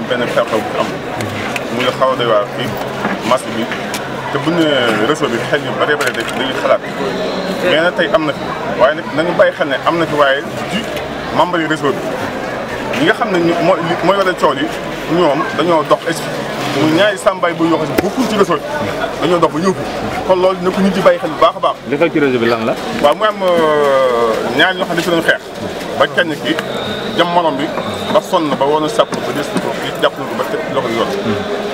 am benn xew-xew bu am muy la xaw a doy waar fii marché bi te bu ñu réseau bi xel yu bëree bëri dañuy xalaat mais nag tey am na fi waaye nag nañu bàyyi xel ne am na fi waaye ci membre yi réseau bi ñi nga xam ne ñu mooy mooy wala coow yi ñoom dañoo dox est muy ñaari bu yoo xam ci réseau bi dañoo dox ba ñëw fi loolu na ko nit di bàyyi xel bu baax a baax. li xew ci réseau bi lan la. waaw mu am euh, ñaar ñoo xam ne fi doon xeex ba kenn ki jam bi ba sonn ba woon a sàpp ba des ko. jàpp nañ ko ba teg loxo bi yoon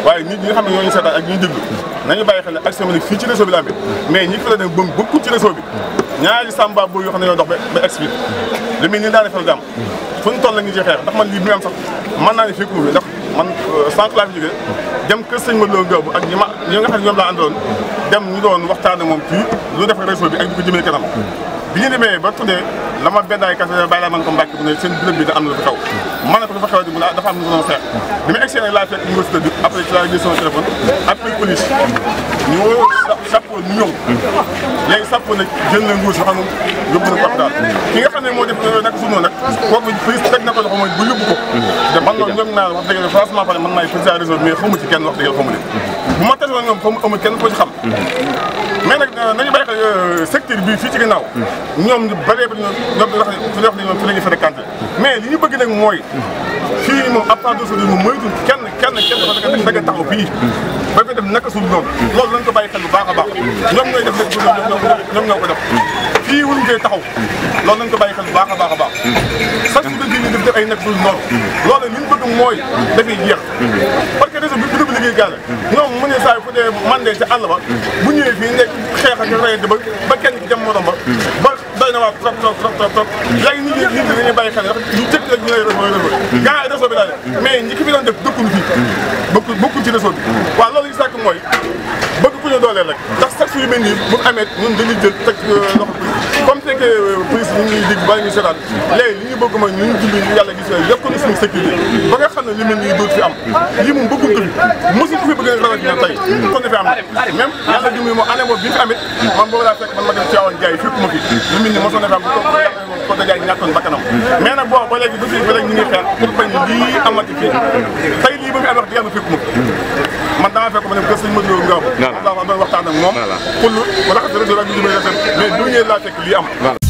waaye ñi nga xam ne ñooñu seetaan ak ñuy déglu nañu bàyyi xel ne ak semaine fii ci réseau bi la amee mais ñi fi bëm bokkul ci réseau bi ñaari samba boobu yoo xam ne ñoo dox ba ba expliqué li muy ni daa defal daam fu ñu toll la ñu ci ndax man lii bi am sax mën naa ne ndax man euh, sànq laa fi jógee dem kër sëñ ma loolu ak ñi ma ñi nga xam ne ñoom laa àndaloon dem ñu doon waxtaan ak moom fii lu def réseau bi ak di ko jëmee kanam bi ñu demee ba tuddee la ma beddaay kase bàyyi laa man ko mbàkk bu ne seen bërëb bi da am na lu fa xaw ma ne ko lu fa xaw di mu ne dafa am lu doon après police ñu woo sappo ñu ñëw léegi sappo nag jël na nguur si xam nga na ko daal ki nga xam ne moo def nag su noonu nag kooku police teg na ko loxo mooy bu yóbbu ko mm. man loolu ñoom naa wax dëgg franchement pare man maay président réseau mais xamu kenn wax dëgg xamu leen bu ma tase woon ñoom xaw ma amul kenn ko ci xam mhm. mais nag euh, nañu bàyyi xel euh, secteur bi fii ci ginnaaw mhm. ñoom ñu bëree ba ñoom ñoom di wax fi wax ne ñoom fi la ñuy fréquenté mhm. mais li ñu bëgg nag mooy fii moom à part de sodi moom moytu kenn kenn kenn dafa da nga fii ba fi def naka suul noonu loolu nañ ko bay xel bu baax a ba ñoom ñooy def nag su ñoom ñoo ko def fii wuñ koy taxaw loolu nañ ko bàyyi xel bu baax a baax a baax sax su dëgg ñu def def ay naka suul noonu loolu li ñu bëgg mooy dafay liggéey gàll ñoom mu ne saay fu dee man de ci àll ba bu ñëwee fii nekk xeex ak rayante ba ba kenn ki jam moo ba ba na waa trop trop trop trop trop léegi nit ñi nit ñu jëkk rek ñu lay loolu ñu sàkk mooy bëgg ku ñu dooleel rek ndax sax suñu mel nii bu amee ñun dañuy jël teg euh, loxo comme c'est que euh, police ñu ngi dégg ba ñu seetaan ci bëgg mooy ñun julli yàlla gis yooyu yokk na suñu sécurité ba nga xam ne li mel nii dootu fi am lii moom bëgguñ ko fi mosuñ bëgg am bi fi amit man boobu fekk na fi am mu am wax di ma man damaa ma man doon waxtaan moom. voilà lu ma la xam ne rajo bi li fekk lii am.